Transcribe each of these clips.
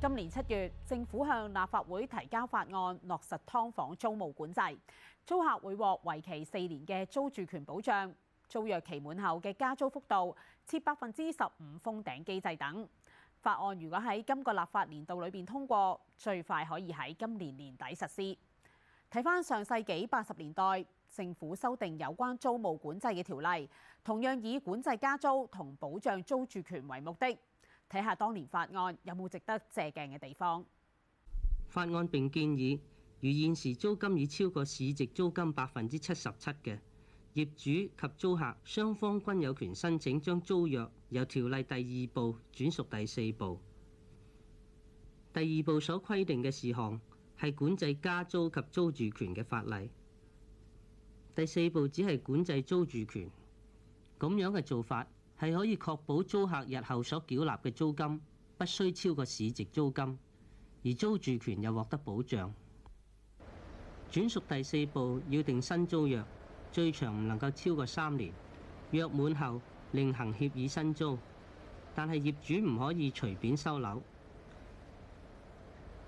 今年七月,政府向立法會提交法案落實劏房租務管制,租客會獲為期四年的租住權保障,租約期滿後的加租幅度,設百分之十五封頂機制等。法案如果在今個立法年度裏面通過,最快可以在今年年底實施。睇返上世紀八十年代,政府修訂有關租務管制的條例,同樣以管制加租和保障租住權為目的。睇下當年法案有冇值得借鏡嘅地方。法案並建議，如現時租金已超過市值租金百分之七十七嘅業主及租客雙方均有權申請將租約由條例第二部轉屬第四部。第二部所規定嘅事項係管制加租及租住權嘅法例，第四部只係管制租住權。咁樣嘅做法，係可以確保租客日後所繳納嘅租金不需超過市值租金，而租住權又獲得保障。轉屬第四步要定新租約，最長唔能夠超過三年。約滿後另行協議新租，但係業主唔可以隨便收樓。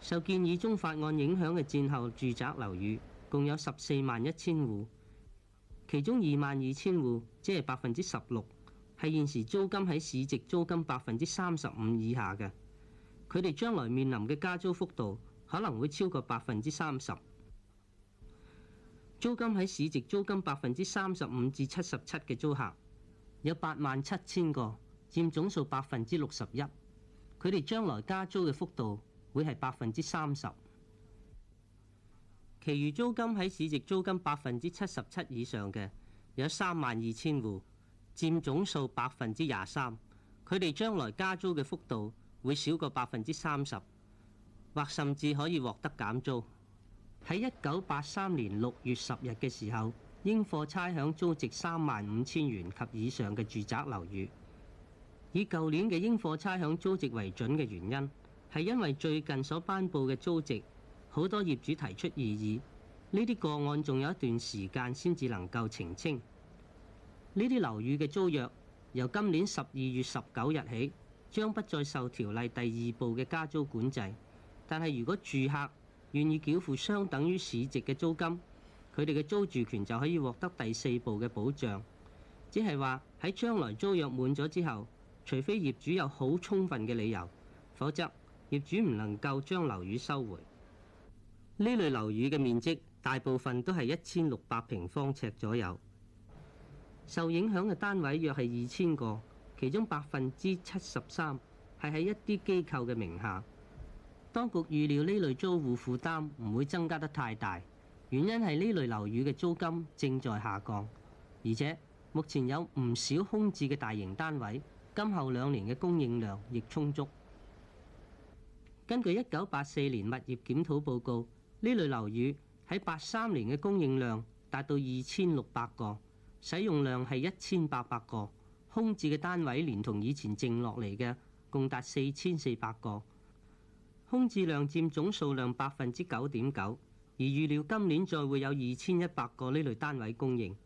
受建議中法案影響嘅戰後住宅樓宇共有十四萬一千戶，其中二萬二千戶，即係百分之十六。係現時租金喺市值租金百分之三十五以下嘅，佢哋將來面臨嘅加租幅度可能會超過百分之三十。租金喺市值租金百分之三十五至七十七嘅租客有八萬七千個，佔總數百分之六十一。佢哋將來加租嘅幅度會係百分之三十。其餘租金喺市值租金百分之七十七以上嘅有三萬二千戶。佔總數百分之廿三，佢哋將來加租嘅幅度會少過百分之三十，或甚至可以獲得減租。喺一九八三年六月十日嘅時候，應課差餉租值三萬五千元及以上嘅住宅樓宇，以舊年嘅應課差餉租值為準嘅原因係因為最近所頒布嘅租值好多業主提出異議，呢啲個案仲有一段時間先至能夠澄清。呢啲樓宇嘅租約，由今年十二月十九日起，將不再受條例第二部嘅加租管制。但係，如果住客願意繳付相等於市值嘅租金，佢哋嘅租住權就可以獲得第四部嘅保障。即係話喺將來租約滿咗之後，除非業主有好充分嘅理由，否則業主唔能夠將樓宇收回。呢類樓宇嘅面積大部分都係一千六百平方尺左右。受影響嘅單位約係二千個，其中百分之七十三係喺一啲機構嘅名下。當局預料呢類租戶負擔唔會增加得太大，原因係呢類樓宇嘅租金正在下降，而且目前有唔少空置嘅大型單位，今後兩年嘅供應量亦充足。根據一九八四年物業檢討報告，呢類樓宇喺八三年嘅供應量達到二千六百個。使用量係一千八百個空置嘅單位，連同以前剩落嚟嘅，共達四千四百個空置量，佔總數量百分之九點九。而預料今年再會有二千一百個呢類單位供應。